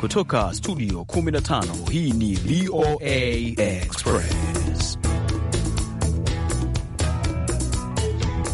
Kutoka studio 15 hii ni VOA Express.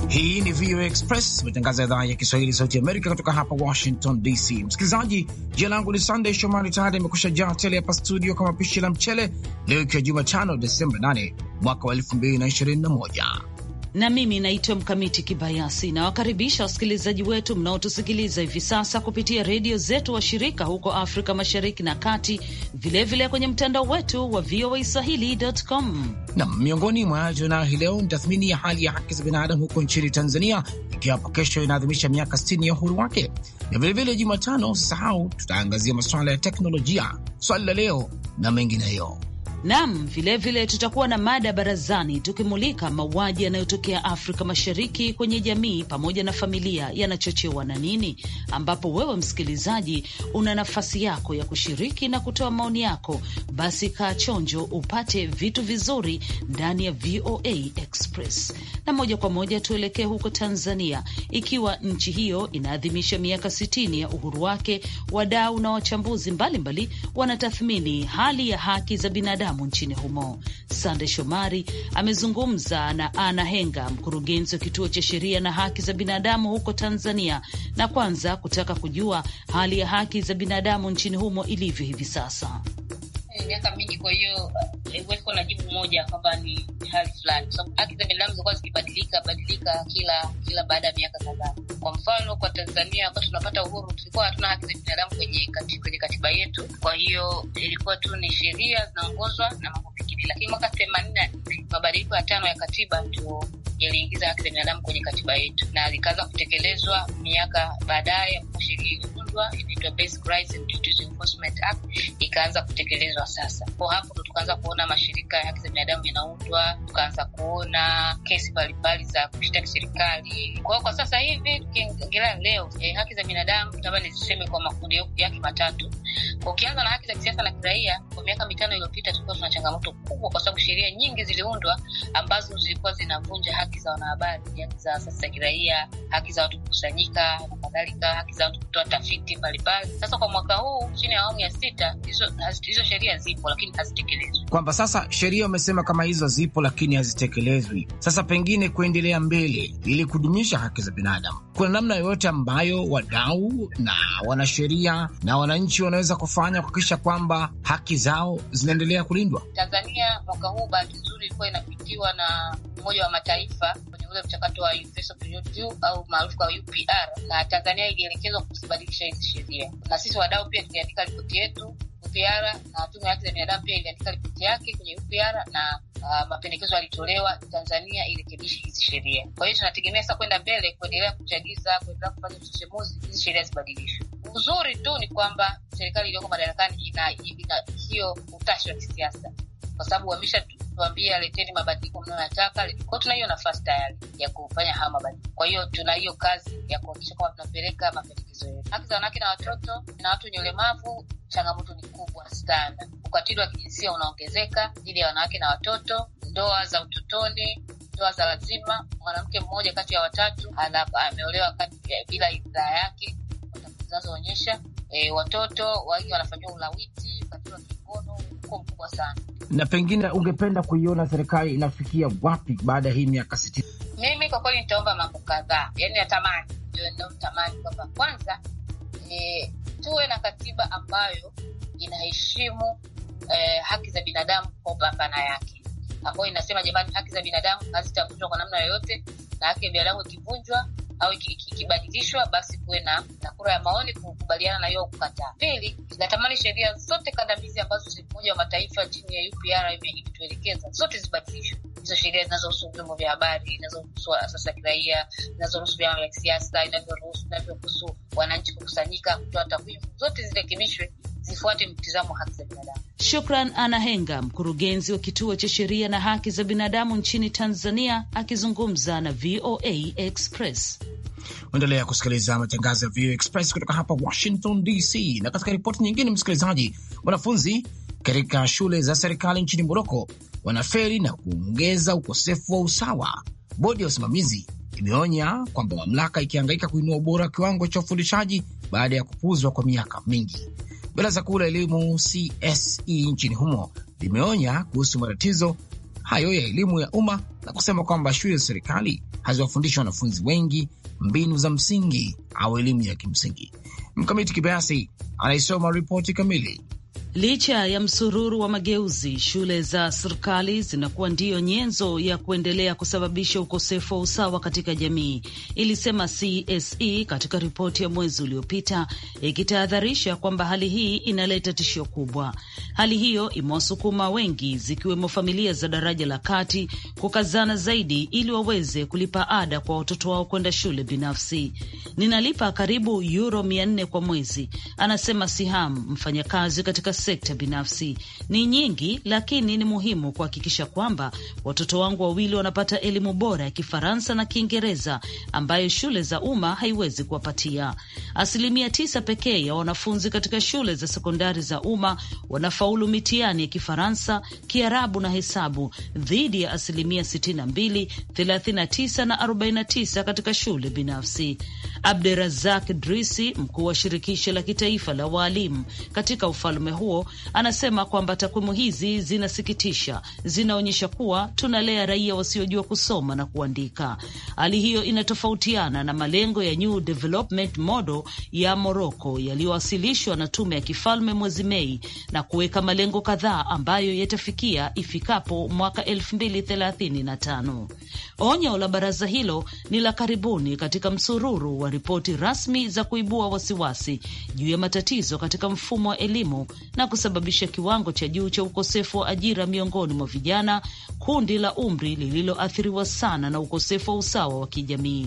Hii ni VOA Express, matangazo ya idhaa ya Kiswahili sauti Amerika kutoka hapa Washington DC. Msikilizaji, jina langu ni Sunday Shomari, tayari imekusha jaa tele hapa studio kama pishi la mchele, leo ikiwa Jumatano Desemba 8 mwaka wa 2021 na mimi naitwa Mkamiti Kibayasi. Nawakaribisha wasikilizaji wetu mnaotusikiliza hivi sasa kupitia redio zetu washirika huko Afrika Mashariki na Kati, vilevile vile kwenye mtandao wetu wa VOA Swahili.com. Nam, miongoni mwa yayo tunayo hii leo ni tathmini ya hali ya haki za binadamu huko nchini Tanzania, ikiwa hapo kesho inaadhimisha miaka 60 ya uhuru wake, na vilevile Jumatano usisahau, tutaangazia masuala ya teknolojia, swali la leo na mengineyo nam vilevile tutakuwa na mada barazani tukimulika mauaji yanayotokea Afrika Mashariki kwenye jamii pamoja na familia yanachochewa na nini, ambapo wewe msikilizaji una nafasi yako ya kushiriki na kutoa maoni yako. Basi kaa chonjo upate vitu vizuri ndani ya VOA Express. Na moja kwa moja tuelekee huko Tanzania, ikiwa nchi hiyo inaadhimisha miaka sitini ya uhuru wake, wadau na wachambuzi mbalimbali wanatathmini hali ya haki za binadamu binadamu nchini humo. Sande Shomari amezungumza na Ana Henga, mkurugenzi wa kituo cha sheria na haki za binadamu huko Tanzania, na kwanza kutaka kujua hali ya haki za binadamu nchini humo ilivyo hivi sasa. Eh, miaka mingi, kwa hiyo eh, huwezi na jibu moja kwamba ni hali fulani, kwa sababu haki za binadamu zilikuwa zikibadilika badilika kila kila baada ya miaka kadhaa. Kwa mfano, kwa Tanzania wakati tunapata uhuru tulikuwa hatuna haki za binadamu kwenye kwenye katiba yetu, kwa hiyo ilikuwa tu ni sheria zinaongozwa na mambo mengine, lakini mwaka themanini na nne mabadiliko ya tano ya katiba ndio yaliingiza haki za binadamu kwenye katiba yetu na zikaanza kutekelezwa miaka baadaye iliundwa inaitwa and Duties Enforcement Act ikaanza kutekelezwa sasa. Kwa hapo ndo tukaanza kuona mashirika ya haki za binadamu yanaundwa, tukaanza kuona kesi mbalimbali za kushtaki serikali. Kwa kwa sasa hivi tukiongelea leo eh, haki za binadamu tamani ziseme kwa makundi yake matatu ukianza na haki za kisiasa na kiraia, kwa miaka mitano iliyopita tulikuwa tuna changamoto kubwa, kwa sababu sheria nyingi ziliundwa ambazo zilikuwa zinavunja haki za wanahabari, haki za asasi za kiraia, haki za watu kukusanyika na kadhalika, haki za watu kutoa tafiti mbalimbali. Sasa kwa mwaka huu chini ya awamu ya sita hizo, sheria zipo lakini hazitekelezwi, kwamba sasa sheria umesema kama hizo zipo lakini hazitekelezwi. Sasa pengine kuendelea mbele ili kudumisha haki za binadamu, kuna namna yoyote ambayo wadau na wanasheria na wananchi wana wanaweza kufanya kuhakikisha kwamba haki zao zinaendelea kulindwa? Tanzania mwaka huu bahati nzuri ilikuwa inapitiwa na Umoja wa Mataifa kwenye ule mchakato wa au maarufu kwa UPR, na Tanzania ilielekezwa kuzibadilisha hizi sheria, na sisi wadau pia tuliandika ripoti yetu UPR na tume ya haki za binadamu pia iliandika ripoti yake kwenye UPR na uh, mapendekezo yalitolewa Tanzania irekebishe hizi sheria. Kwa hiyo tunategemea sasa kwenda mbele, kuendelea kuchagiza, kuendelea kufanya uchochemuzi, hizi sheria zibadilishwe. Uzuri tu ni kwamba serikali iliyoko madarakani ina, ina hiyo utashi wa kisiasa, kwa sababu tuambia leteni mabadiliko mnayotaka, Kwao tuna hiyo nafasi tayari ya kufanya hayo mabadiliko. Kwa hiyo tuna hiyo kazi ya kuhakikisha kwamba tunapeleka mapendekezo yetu. Haki za wanawake na watoto na watu wenye ulemavu, changamoto ni kubwa sana. Ukatili wa kijinsia unaongezeka dhidi ya wanawake na watoto, ndoa za utotoni ndoa za lazima. Mwanamke mmoja kati ya watatu ameolewa bila idhaa yake zinazoonyesha e, watoto wengi wanafanyiwa ulawiti, ukatili wa kingono uko mkubwa sana. Na pengine ungependa kuiona serikali inafikia wapi baada ya hii miaka sitini? Mimi kwa kweli nitaomba mambo kadhaa, yani natamani ndio kwamba kwanza e, tuwe na katiba ambayo inaheshimu e, haki za binadamu kwa upambana yake, ambayo inasema jamani, haki za binadamu hazitavunjwa kwa namna yoyote, na haki ya binadamu ikivunjwa au ikibadilishwa, basi kuwe na, na kura ya maoni kukubaliana na hiyo kukataa. Pili, natamani sheria zote kandamizi ambazo Umoja wa Mataifa chini ya UPR imetuelekeza zote zibadilishwe, hizo sheria zinazohusu vyombo vya habari, zinazohusu asasi ya kiraia, zinazohusu vyama vya kisiasa, inavyoruhusu inavyohusu wananchi kukusanyika, kutoa takwimu, zote zirekebishwe zifuate mtizamo wa haki za binadamu. Shukran Ana Henga, mkurugenzi wa kituo cha sheria na haki za binadamu nchini Tanzania, akizungumza na VOA Express. Uendelea kusikiliza matangazo ya VOA Express kutoka hapa Washington DC. Na katika ripoti nyingine, msikilizaji, wanafunzi katika shule za serikali nchini Moroko wanaferi na kuongeza ukosefu wa usawa. Bodi ya usimamizi imeonya kwamba mamlaka ikihangaika kuinua ubora wa kiwango cha ufundishaji baada ya kupuzwa kwa miaka mingi. Baraza Kuu la Elimu CSE nchini humo limeonya kuhusu matatizo hayo ya elimu ya umma na kusema kwamba shule za serikali haziwafundishi wanafunzi wengi mbinu za msingi au elimu ya kimsingi. Mkamiti Kibayasi anaisoma ripoti kamili Licha ya msururu wa mageuzi, shule za serikali zinakuwa ndiyo nyenzo ya kuendelea kusababisha ukosefu wa usawa katika jamii, ilisema CSE katika ripoti ya mwezi uliopita, ikitahadharisha kwamba hali hii inaleta tishio kubwa. Hali hiyo imewasukuma wengi, zikiwemo familia za daraja la kati, kukazana zaidi ili waweze kulipa ada kwa watoto wao kwenda shule binafsi. Ninalipa karibu yuro mia nne kwa mwezi, anasema Siham, mfanyakazi katika sekta binafsi ni nyingi, lakini ni muhimu kuhakikisha kwamba watoto wangu wawili wanapata elimu bora ya Kifaransa na Kiingereza ambayo shule za umma haiwezi kuwapatia. Asilimia tisa pekee ya wanafunzi katika shule za sekondari za umma wanafaulu mitihani ya Kifaransa, Kiarabu na hesabu dhidi ya asilimia 62, 39 na 49 katika shule binafsi. Abderazak Drisi, mkuu wa shirikisho la kitaifa la waalimu katika ufalme huo huo anasema kwamba takwimu hizi zinasikitisha, zinaonyesha kuwa tunalea raia wasiojua kusoma na kuandika. Hali hiyo inatofautiana na malengo ya New Development Model ya Moroko yaliyowasilishwa na tume ya kifalme mwezi Mei na kuweka malengo kadhaa ambayo yatafikia ifikapo mwaka 2035. Onyo la baraza hilo ni la karibuni katika msururu wa ripoti rasmi za kuibua wasiwasi juu ya matatizo katika mfumo wa elimu na na kusababisha kiwango cha juu cha ukosefu wa ajira miongoni mwa vijana, kundi la umri lililoathiriwa sana na ukosefu wa usawa wa kijamii.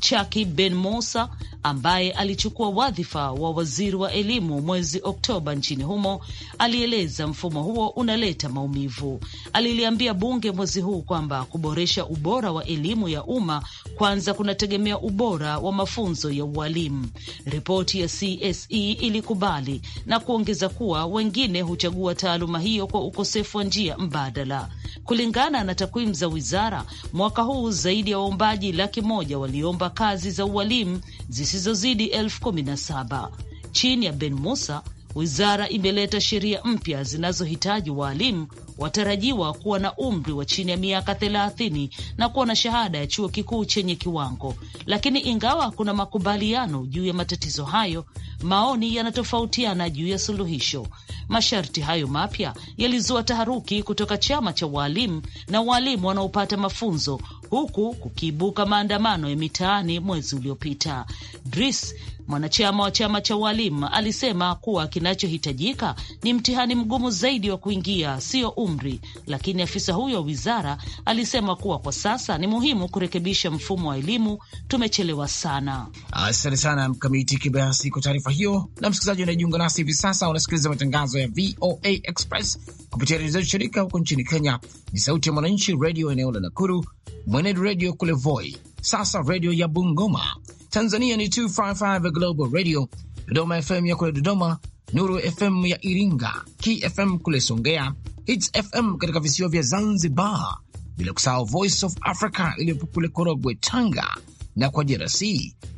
Chaki Ben Mosa ambaye alichukua wadhifa wa waziri wa elimu mwezi Oktoba nchini humo alieleza mfumo huo unaleta maumivu. Aliliambia bunge mwezi huu kwamba kuboresha ubora wa elimu ya umma kwanza kunategemea ubora wa mafunzo ya ualimu. Ripoti ya CSE ilikubali na kuongeza kuwa wengine huchagua taaluma hiyo kwa ukosefu wa njia mbadala. Kulingana na takwimu za wizara, mwaka huu zaidi ya waombaji laki moja waliomba kazi za ualimu zisizozidi elfu kumi na saba chini ya Ben Musa Wizara imeleta sheria mpya zinazohitaji waalimu watarajiwa kuwa na umri wa chini ya miaka thelathini na kuwa na shahada ya chuo kikuu chenye kiwango. Lakini ingawa kuna makubaliano juu ya matatizo hayo, maoni yanatofautiana juu ya suluhisho. Masharti hayo mapya yalizua taharuki kutoka chama cha waalimu na waalimu wanaopata mafunzo huku kukiibuka maandamano ya mitaani mwezi uliopita. Dris, mwanachama wa chama cha walimu, alisema kuwa kinachohitajika ni mtihani mgumu zaidi wa kuingia, sio umri. Lakini afisa huyo wa wizara alisema kuwa kwa sasa ni muhimu kurekebisha mfumo wa elimu, tumechelewa sana. Asante sana Mkamiti Kibayasi kwa taarifa hiyo. Na msikilizaji unayejiunga nasi hivi sasa, unasikiliza matangazo ya VOA Express kupitia redio zetu shirika huko nchini Kenya ni Sauti ya Mwananchi redio eneo la Nakuru, mwened redio kule Voi, sasa redio ya Bungoma. Tanzania ni 255 Global Radio, Dodoma FM ya kule Dodoma, Nuru FM ya Iringa, KFM kule Songea, Hits FM katika visiwa vya Zanzibar, bila kusahau Voice of Africa iliyopo kule Korogwe, Tanga, na kwa DRC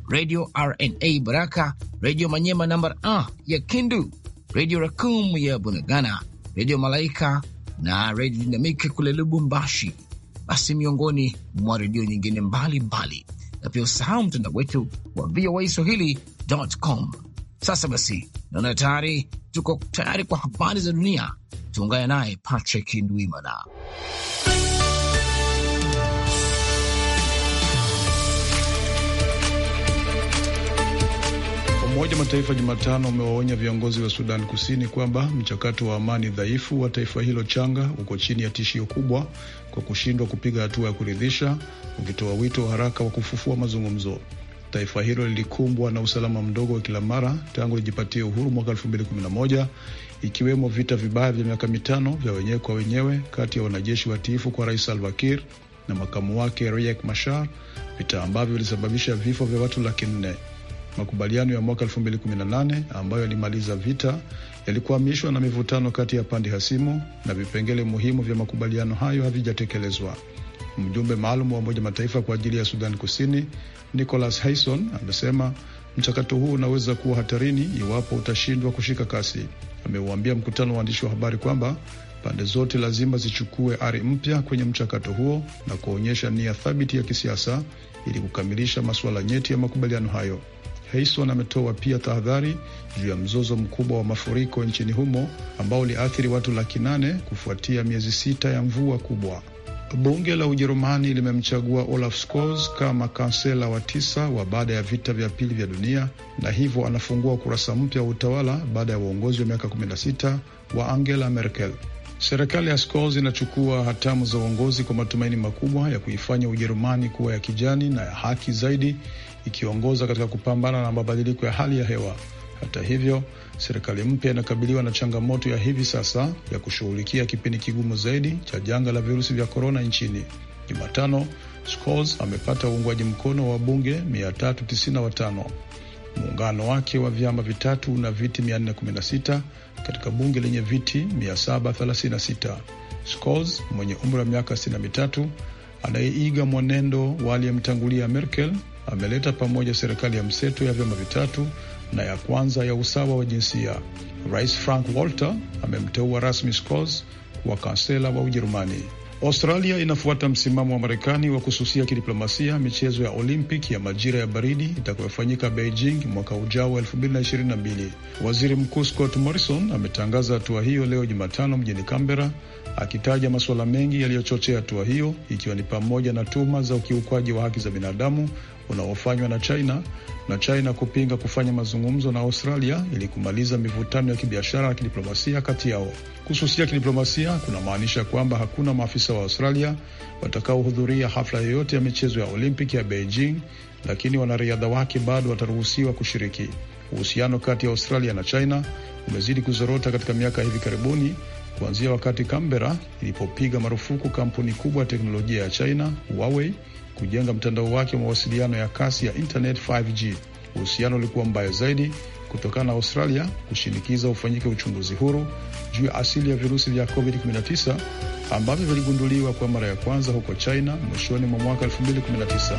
Radio RNA Baraka, Radio Manyema namba a ya Kindu, Radio Rakum ya Bunagana, Radio Malaika na Radio Dinamik kule Lubumbashi basi miongoni mwa redio nyingine mbalimbali, na pia usahau mtandao wetu wa VOA Swahili.com. Sasa basi, naona tayari tuko tayari kwa habari za dunia. Tuungane naye Patrick Ndwimana. Umoja wa Mataifa Jumatano umewaonya viongozi wa Sudan Kusini kwamba mchakato wa amani dhaifu wa taifa hilo changa uko chini ya tishio kubwa kwa kushindwa kupiga hatua ya kuridhisha, ukitoa wito wa haraka wa kufufua mazungumzo. Taifa hilo lilikumbwa na usalama mdogo wa kila mara tangu lijipatia uhuru mwaka 2011 ikiwemo vita vibaya vya miaka mitano vya wenyewe kwa wenyewe kati ya wanajeshi watiifu kwa Rais Salva Kiir na makamu wake Riek Machar, vita ambavyo vilisababisha vifo vya watu laki nne. Makubaliano ya mwaka 2018 ambayo yalimaliza vita yalikuhamishwa na mivutano kati ya pande hasimu na vipengele muhimu vya makubaliano hayo havijatekelezwa. Mjumbe maalum wa Umoja Mataifa kwa ajili ya Sudan Kusini Nicholas Hayson amesema mchakato huu unaweza kuwa hatarini iwapo utashindwa kushika kasi. Ameuambia mkutano wa waandishi wa habari kwamba pande zote lazima zichukue ari mpya kwenye mchakato huo na kuonyesha nia thabiti ya kisiasa ili kukamilisha masuala nyeti ya makubaliano hayo. Heison ametoa pia tahadhari juu ya mzozo mkubwa wa mafuriko nchini humo ambao uliathiri watu laki nane kufuatia miezi sita ya mvua kubwa. Bunge la Ujerumani limemchagua Olaf Scholz kama kansela wa tisa wa baada ya vita vya pili vya dunia na hivyo anafungua ukurasa mpya wa utawala baada ya uongozi wa miaka 16 wa Angela Merkel. Serikali ya Scholz inachukua hatamu za uongozi kwa matumaini makubwa ya kuifanya Ujerumani kuwa ya kijani na ya haki zaidi ikiongoza katika kupambana na mabadiliko ya hali ya hewa. Hata hivyo, serikali mpya inakabiliwa na changamoto ya hivi sasa ya kushughulikia kipindi kigumu zaidi cha janga la virusi vya korona nchini. Jumatano, Scholz amepata uungwaji mkono wa bunge 395 muungano wake wa vyama vitatu na viti 416 katika bunge lenye viti 736. Scholz mwenye umri wa miaka 63 anayeiga mwenendo wa aliyemtangulia Merkel ameleta pamoja serikali ya mseto ya vyama vitatu na ya kwanza ya usawa wa jinsia. Rais Frank Walter amemteua rasmi Scholz kuwa kansela wa Ujerumani. Australia inafuata msimamo wa Marekani wa kususia kidiplomasia michezo ya olimpic ya majira ya baridi itakayofanyika Beijing mwaka ujao wa 2022. Waziri Mkuu Scott Morrison ametangaza hatua hiyo leo Jumatano mjini Canberra, akitaja masuala mengi yaliyochochea hatua hiyo, ikiwa ni pamoja na tuhuma za ukiukwaji wa haki za binadamu unaofanywa na China na China kupinga kufanya mazungumzo na Australia ili kumaliza mivutano ya kibiashara na kidiplomasia kati yao. Kususia kidiplomasia kunamaanisha kwamba hakuna maafisa wa Australia watakaohudhuria hafla yoyote ya michezo ya Olimpiki ya Beijing, lakini wanariadha wake bado wataruhusiwa kushiriki. Uhusiano kati ya Australia na China umezidi kuzorota katika miaka hivi karibuni kuanzia wakati Canberra ilipopiga marufuku kampuni kubwa ya teknolojia ya China Huawei kujenga mtandao wake wa mawasiliano ya kasi ya internet 5G. Uhusiano ulikuwa mbaya zaidi kutokana na Australia kushinikiza ufanyike uchunguzi huru juu ya asili ya virusi vya COVID-19 ambavyo viligunduliwa kwa mara ya kwanza huko China mwishoni mwa mwaka 2019.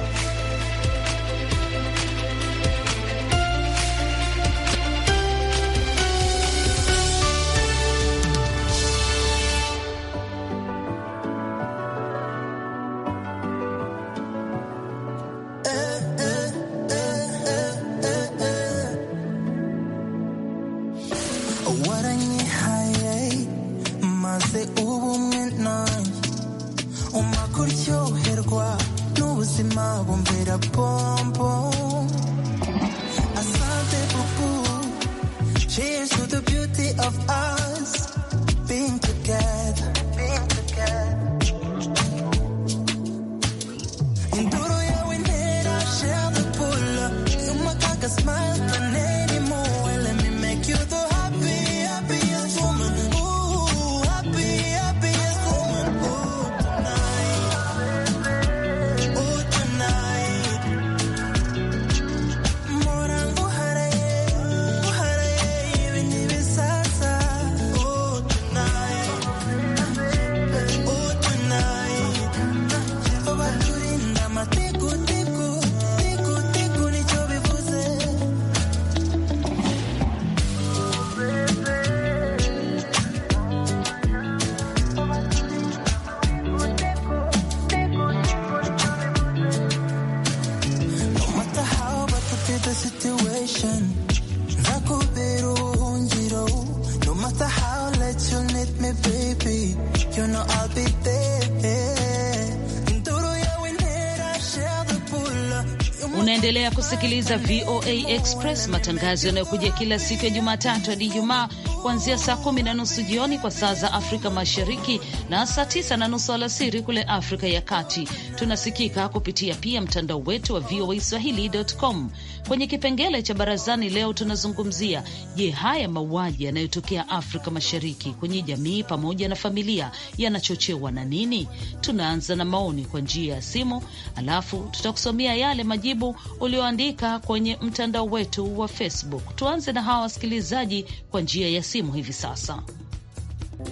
Unaendelea kusikiliza VOA Express, matangazo yanayokuja kila siku ya Jumatatu hadi Ijumaa kuanzia saa kumi na nusu jioni kwa saa za Afrika Mashariki na saa tisa na nusu alasiri kule Afrika ya Kati. Tunasikika kupitia pia mtandao wetu wa VOA Swahili.com. Kwenye kipengele cha barazani leo tunazungumzia, je, haya mauaji yanayotokea Afrika Mashariki kwenye jamii pamoja na familia yanachochewa na nini? Tunaanza na maoni kwa njia ya simu, alafu tutakusomea yale majibu ulioandika kwenye mtandao wetu wa Facebook. Tuanze na hawa wasikilizaji kwa njia ya simu hivi sasa.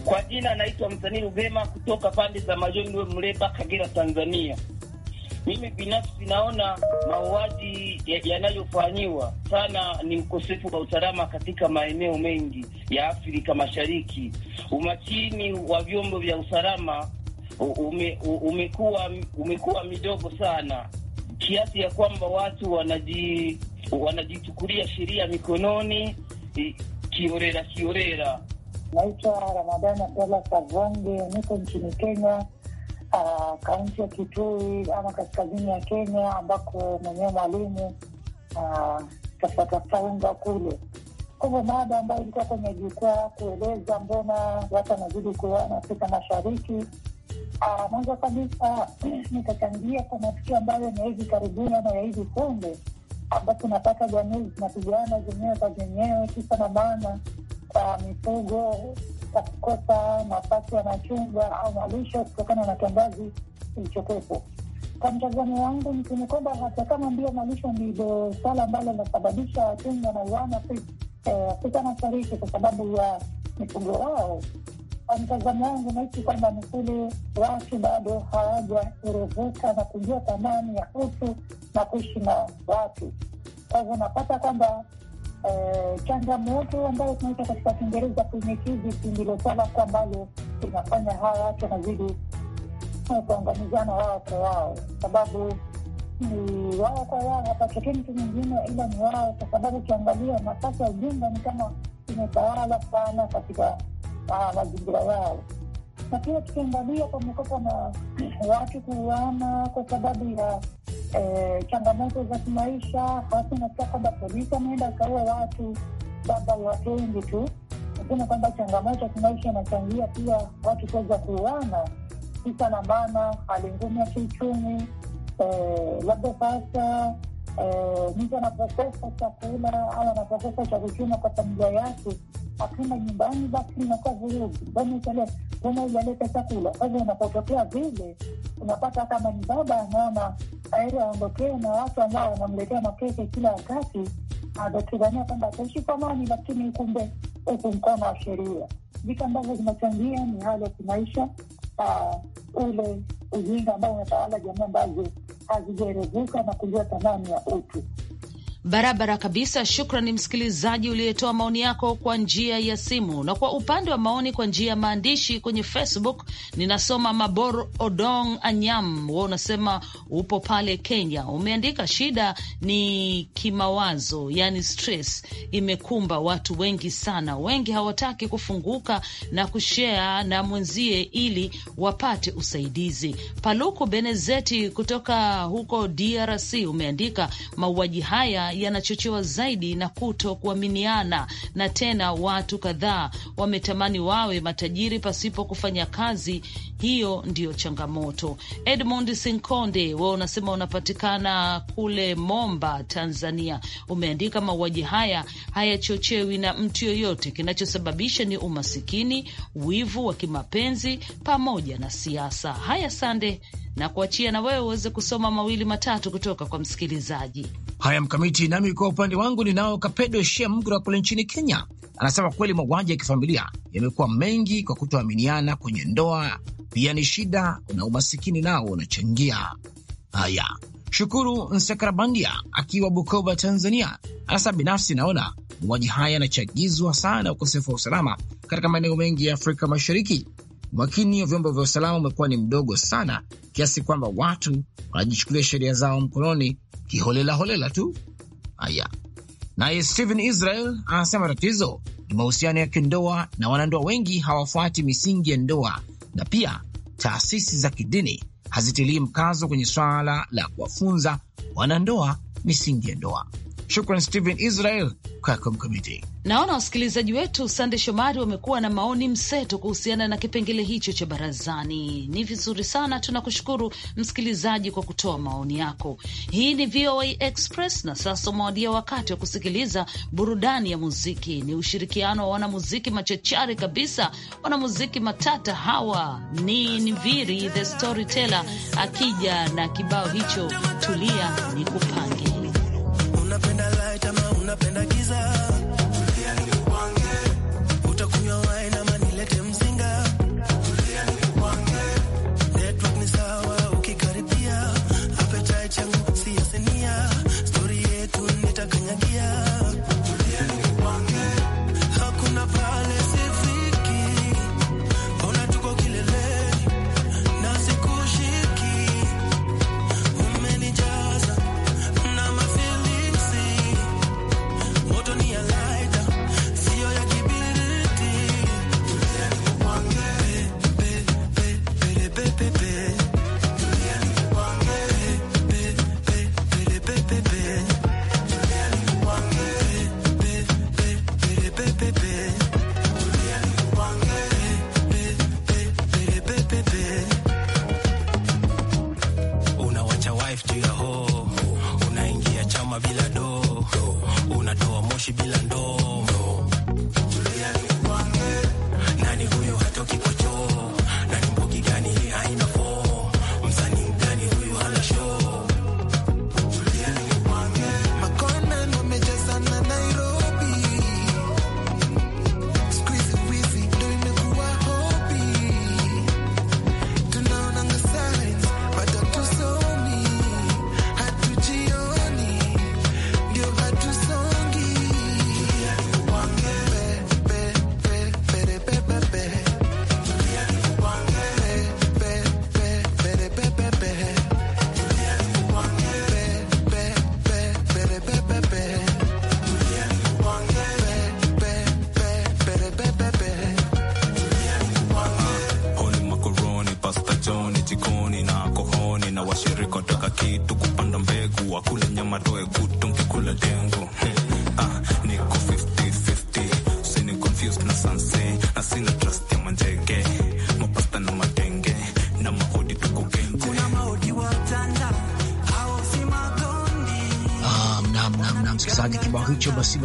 Kwa jina naitwa msanii rugema kutoka pande za Majoni we Mleba, Kagera, Tanzania. Mimi binafsi naona mauaji yanayofanyiwa sana ni ukosefu wa usalama katika maeneo mengi ya Afrika Mashariki. Umakini wa vyombo vya usalama ume, umekuwa umekuwa midogo sana kiasi ya kwamba watu wanaji wanajichukulia sheria mikononi kiorera kiorera. Naitwa Ramadhani Abdalla savange niko nchini Kenya, ah, kaunti ya Kitui ama kaskazini ya Kenya, ambako mwenyewe mwalimu ah, tafutatafuta unga kule. Kwa mada ambayo ilikuwa kwenye jukwaa kueleza mbona watu wanazidi kuana Afrika Mashariki, ah, mwanzo kabisa nitachangia kwa matukio ambayo ni hivi karibuni ama ya hivi punde, ambapo tunapata jamii zinapigana zenyewe kwa zenyewe, kisa na maana kukosa mifugo, kwa kukosa mapato ya machungwa au malisho kutokana na kiangazi kilichokuwepo. Kwa mtazamo wangu, ni kwamba hata kama ndio malisho ndilo swala ambalo linasababisha na uana eh, Afrika Mashariki kwa sababu ya mifugo wao, kwa mtazamo wangu naishi kwamba ni kule watu bado hawajaerevuka na kujua thamani ya utu na kuishi na watu. Kwa hivyo napata kwamba Eh, changamoto ambayo tunaita katika Kiingereza punitivity, ndilo swala ku ambalo tunafanya hawa watu wanazidi eh, kuangamizana wao kwa wao, sababu ni wao kwa wao, hapatokee mtu mwingine ila ni wao, kwa sababu ukiangalia nafasi ya ujinga ni kama imetawala sana katika ah, mazingira yao, na pia tukiangalia pamekuwa na watu kuuana kwa sababu ya eh, changamoto za kimaisha. Basi unasikia kwamba polisi ameenda akaua watu, labda watu wengi tu, lakini kwamba changamoto ya kimaisha inachangia pia watu kuweza kuuana, kisa na maana, hali ngumu ya kiuchumi. Eh, labda sasa eh, mtu anapokosa chakula au anapokosa cha kuchuma kwa familia yake akenda nyumbani, basi inakuwa vurugu, basi unaileta chakula. Kwa hivyo vile unapata kama ni baba, mama aili aondokee na watu ambao wanamletea makeke kila wakati, akatizania kwamba ataishi kwa amani, lakini kumbe uku mkono wa sheria. Vitu ambavyo vinachangia ni hali ya kimaisha, ah, ule ujinga ambao unatawala jamii ambazo hazijaerevuka na kujua thamani ya utu. Barabara kabisa. Shukrani msikilizaji uliyetoa maoni yako kwa njia ya simu, na kwa upande wa maoni kwa njia ya maandishi kwenye Facebook ninasoma Mabor Odong Anyam wa unasema upo pale Kenya. Umeandika shida ni kimawazo, yani stress imekumba watu wengi sana. Wengi hawataki kufunguka na kushea na mwenzie ili wapate usaidizi. Paluku Benezeti kutoka huko DRC umeandika mauaji haya yanachochewa zaidi na kuto kuaminiana, na tena watu kadhaa wametamani wawe matajiri pasipo kufanya kazi. Hiyo ndiyo changamoto. Edmund Sinkonde, wa unasema unapatikana kule Momba, Tanzania, umeandika mauaji haya hayachochewi na mtu yoyote, kinachosababisha ni umasikini, wivu wa kimapenzi pamoja na siasa. Haya, Sande na kuachia na wewe uweze kusoma mawili matatu kutoka kwa msikilizaji. Haya, Mkamiti, nami kwa upande wangu ninao Kapedo Shea kule nchini Kenya. Anasema kweli mauaji ya kifamilia yamekuwa mengi kwa kutoaminiana kwenye ndoa, pia ni shida na umasikini nao unachangia. Haya, Shukuru Nsekarabandia akiwa Bukoba, Tanzania, anasema binafsi naona mauaji haya yanachagizwa sana ukosefu wa usalama katika maeneo mengi ya Afrika Mashariki, umakini wa vyombo vya usalama umekuwa ni mdogo sana kiasi kwamba watu wanajichukulia sheria zao mkononi kiholelaholela tu. Haya, naye Stephen Israel anasema tatizo ni mahusiano ya kindoa na wanandoa wengi hawafuati misingi ya ndoa, na pia taasisi za kidini hazitilii mkazo kwenye swala la kuwafunza wanandoa misingi ya ndoa. Shukran Stephen Israel kwako Mkamiti. Naona wasikilizaji wetu Sande Shomari wamekuwa na maoni mseto kuhusiana na kipengele hicho cha barazani. Ni vizuri sana, tunakushukuru msikilizaji kwa kutoa maoni yako. Hii ni VOA Express na sasa umewadia wakati wa kusikiliza burudani ya muziki. Ni ushirikiano wa wanamuziki machachari kabisa, wanamuziki matata hawa. Ni Nviri the Storyteller akija na kibao hicho, tulia ni kupange unapenda light ama unapenda giza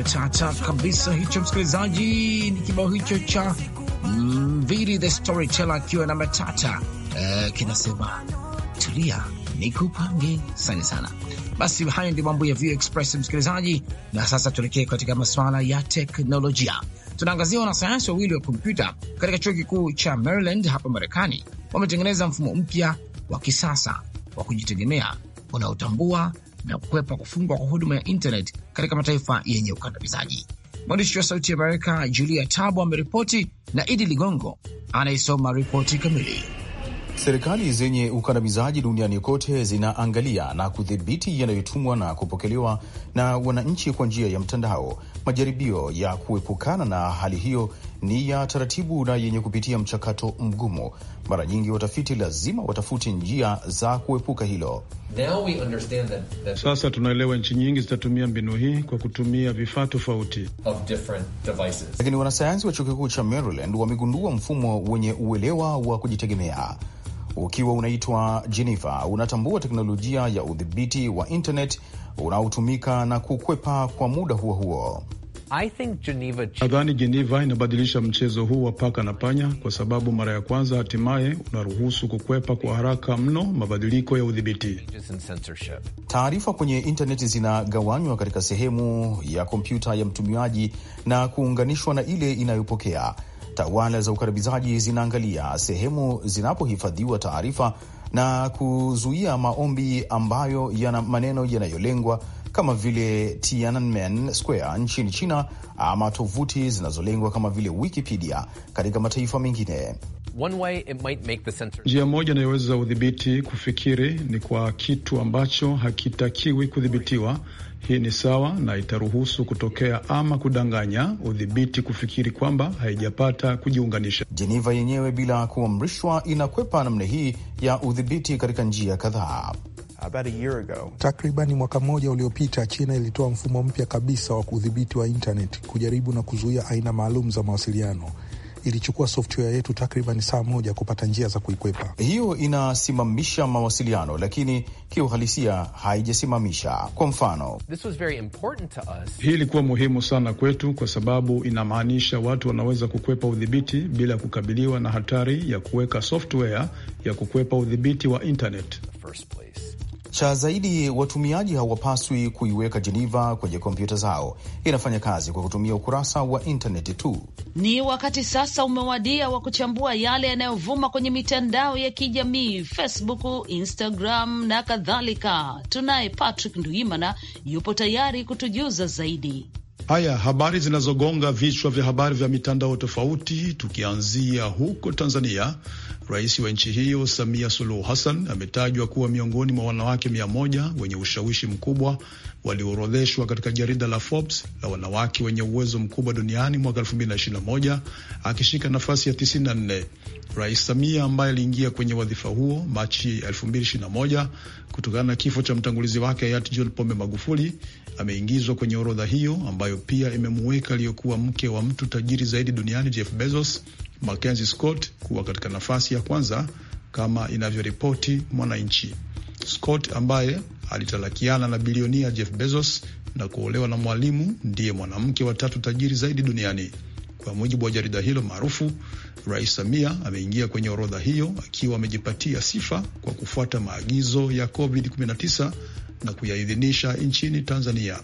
batata kabisa hicho, msikilizaji, ni kibao hicho cha Mviri the Storyteller akiwa na Matata. Eh, kinasema tulia nikupange. Asante sana. Basi hayo ndio mambo ya View Express, msikilizaji, na sasa tuelekee katika masuala ya teknolojia. Tunaangazia wanasayansi wawili wa kompyuta katika chuo kikuu cha Maryland hapa Marekani. Wametengeneza mfumo mpya wa kisasa wa kujitegemea unaotambua na kukwepa kufungwa kwa huduma ya internet katika mataifa yenye ukandamizaji. Mwandishi wa Sauti ya Amerika Julia Tabo ameripoti na Idi Ligongo anayesoma ripoti kamili. Serikali zenye ukandamizaji duniani kote zinaangalia na kudhibiti yanayotumwa na kupokelewa na wananchi kwa njia ya mtandao. Majaribio ya kuepukana na hali hiyo ni ya taratibu na yenye kupitia mchakato mgumu. Mara nyingi watafiti lazima watafute njia za kuepuka hilo. That... Sasa tunaelewa nchi nyingi zitatumia mbinu hii kwa kutumia vifaa tofauti, lakini wanasayansi wa chuo kikuu cha Maryland wamegundua mfumo wenye uelewa wa kujitegemea ukiwa unaitwa Geneva unatambua teknolojia ya udhibiti wa internet unaotumika na kukwepa kwa muda huo huo. Geneva... nadhani Geneva inabadilisha mchezo huu wa paka na panya, kwa sababu mara ya kwanza hatimaye unaruhusu kukwepa kwa haraka mno mabadiliko ya udhibiti. Taarifa kwenye intaneti zinagawanywa katika sehemu ya kompyuta ya mtumiaji na kuunganishwa na ile inayopokea. Tawala za ukaribizaji zinaangalia sehemu zinapohifadhiwa taarifa na kuzuia maombi ambayo yana maneno yanayolengwa kama vile Tiananmen Square nchini China ama tovuti zinazolengwa kama vile Wikipedia katika mataifa mengine. Njia moja inayoweza udhibiti kufikiri ni kwa kitu ambacho hakitakiwi kudhibitiwa. Hii ni sawa na itaruhusu kutokea ama kudanganya udhibiti kufikiri kwamba haijapata kujiunganisha. Jeneva yenyewe bila kuamrishwa inakwepa namna hii ya udhibiti katika njia kadhaa. Takribani mwaka mmoja uliopita, China ilitoa mfumo mpya kabisa wa kudhibiti wa intanet kujaribu na kuzuia aina maalum za mawasiliano. Ilichukua software yetu takriban saa moja kupata njia za kuikwepa. Hiyo inasimamisha mawasiliano, lakini kiuhalisia haijasimamisha. Kwa mfano, hii ilikuwa muhimu sana kwetu kwa sababu inamaanisha watu wanaweza kukwepa udhibiti bila kukabiliwa na hatari ya kuweka software ya kukwepa udhibiti wa internet cha zaidi, watumiaji hawapaswi kuiweka jeneva kwenye kompyuta zao. Inafanya kazi kwa kutumia ukurasa wa intaneti tu. Ni wakati sasa umewadia wa kuchambua yale yanayovuma kwenye mitandao ya kijamii, Facebook, Instagram na kadhalika. Tunaye Patrick Nduimana, yupo tayari kutujuza zaidi. Haya, habari zinazogonga vichwa vya habari vya mitandao tofauti, tukianzia huko Tanzania. Rais wa nchi hiyo Samia Suluhu Hassan ametajwa kuwa miongoni mwa wanawake mia moja wenye ushawishi mkubwa walioorodheshwa katika jarida la Forbes la wanawake wenye uwezo mkubwa duniani mwaka 2021 akishika nafasi ya 94. Rais Samia ambaye aliingia kwenye wadhifa huo Machi 2021 kutokana na kifo cha mtangulizi wake hayati John Pombe Magufuli ameingizwa kwenye orodha hiyo ambayo pia imemuweka aliyokuwa mke wa mtu tajiri zaidi duniani Jeff Bezos, Mackenzie Scott kuwa katika nafasi ya kwanza kama inavyoripoti Mwananchi. Scott ambaye alitalakiana na bilionia Jeff Bezos na kuolewa na mwalimu, ndiye mwanamke wa tatu tajiri zaidi duniani. Kwa mujibu wa jarida hilo maarufu, Rais Samia ameingia kwenye orodha hiyo akiwa amejipatia sifa kwa kufuata maagizo ya COVID-19 na kuyaidhinisha nchini Tanzania.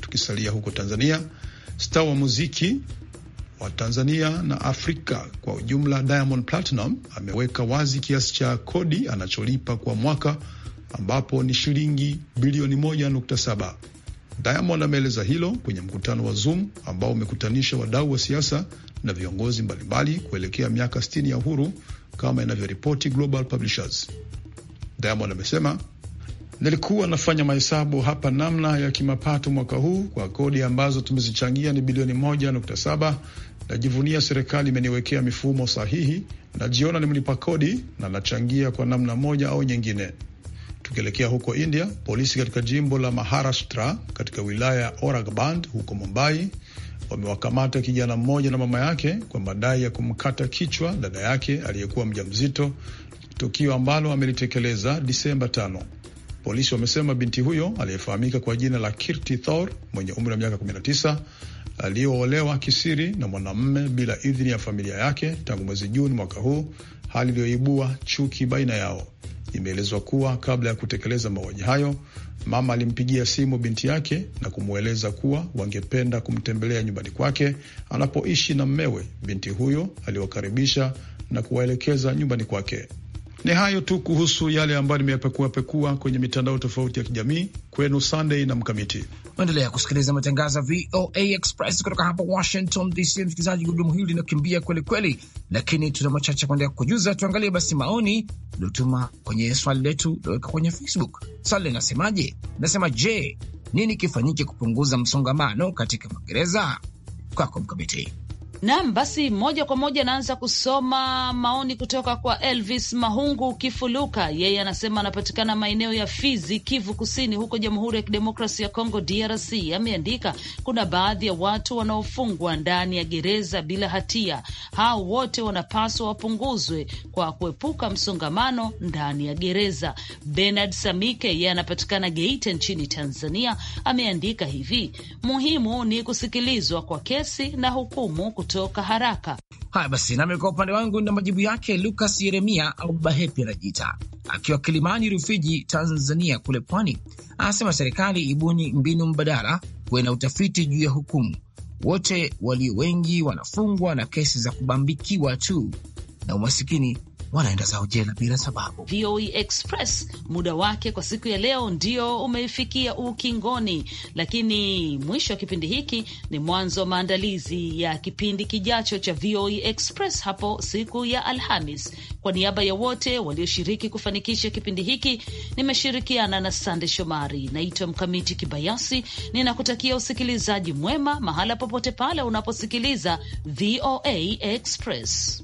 Tukisalia huko Tanzania, star wa muziki wa Tanzania na Afrika kwa ujumla, Diamond Platinum ameweka wazi kiasi cha kodi anacholipa kwa mwaka ambapo ni shilingi bilioni 1.7. Diamond ameeleza hilo kwenye mkutano wa Zoom ambao umekutanisha wadau wa siasa na viongozi mbalimbali kuelekea miaka 60 ya uhuru kama inavyoripoti Global Publishers. Diamond amesema, nilikuwa nafanya mahesabu hapa namna ya kimapato mwaka huu kwa kodi ambazo tumezichangia ni bilioni 1.7. Najivunia serikali imeniwekea mifumo sahihi, najiona ni mlipa kodi na nachangia kwa namna moja au nyingine. Tukielekea huko India, polisi katika jimbo la Maharashtra katika wilaya ya Oragband huko Mumbai wamewakamata kijana mmoja na mama yake kwa madai ya kumkata kichwa dada yake aliyekuwa mjamzito, tukio ambalo amelitekeleza Disemba tano. Polisi wamesema binti huyo aliyefahamika kwa jina la Kirti Thor mwenye umri wa miaka 19 aliyoolewa kisiri na mwanamume bila idhini ya familia yake tangu mwezi Juni mwaka huu hali iliyoibua chuki baina yao. Imeelezwa kuwa kabla ya kutekeleza mauaji hayo, mama alimpigia simu binti yake na kumweleza kuwa wangependa kumtembelea nyumbani kwake anapoishi na mmewe, binti huyo aliwakaribisha na kuwaelekeza nyumbani kwake. Ni hayo tu kuhusu yale ambayo pekua kwenye mitandao tofauti ya kijamii. Kwenu Sunday na Mkamiti. Endelea kusikiliza matangazo ya VOA Express kutoka hapa Washington DC. Msikilizaji, gurudumu hili linakimbia kwelikweli, lakini tuna machache kuendelea kukujuza. Tuangalie basi maoni uliotuma kwenye swali letu liloweka kwenye Facebook. Swali linasemaje? Nasema, je, nini kifanyike kupunguza msongamano katika magereza? Kwako Mkamiti nam basi moja kwa moja naanza kusoma maoni kutoka kwa Elvis Mahungu Kifuluka. Yeye anasema anapatikana maeneo ya Fizi, Kivu Kusini, huko Jamhuri ya Kidemokrasi ya Kongo, DRC. Ameandika kuna baadhi ya watu wanaofungwa ndani ya gereza bila hatia. Hao wote wanapaswa wapunguzwe kwa kuepuka msongamano ndani ya gereza. Bernard Samike, yeye anapatikana Geita nchini Tanzania, ameandika hivi: muhimu ni kusikilizwa kwa kesi na hukumu kutoka haraka. Haya basi, nami kwa upande wangu na majibu yake. Lukas Yeremia au Bahepi anajiita akiwa Kilimani Rufiji, Tanzania kule pwani, anasema serikali ibuni mbinu mbadala, kuwe na utafiti juu ya hukumu. Wote walio wengi wanafungwa na kesi za kubambikiwa tu na umasikini wanaenda zao jela bila sababu. VOA e Express muda wake kwa siku ya leo ndio umeifikia ukingoni, lakini mwisho wa kipindi hiki ni mwanzo wa maandalizi ya kipindi kijacho cha VOA e Express hapo siku ya Alhamis. Kwa niaba ya wote walioshiriki kufanikisha kipindi hiki, nimeshirikiana na Sande Shomari. Naitwa Mkamiti Kibayasi, ninakutakia usikilizaji mwema mahala popote pale unaposikiliza VOA e Express.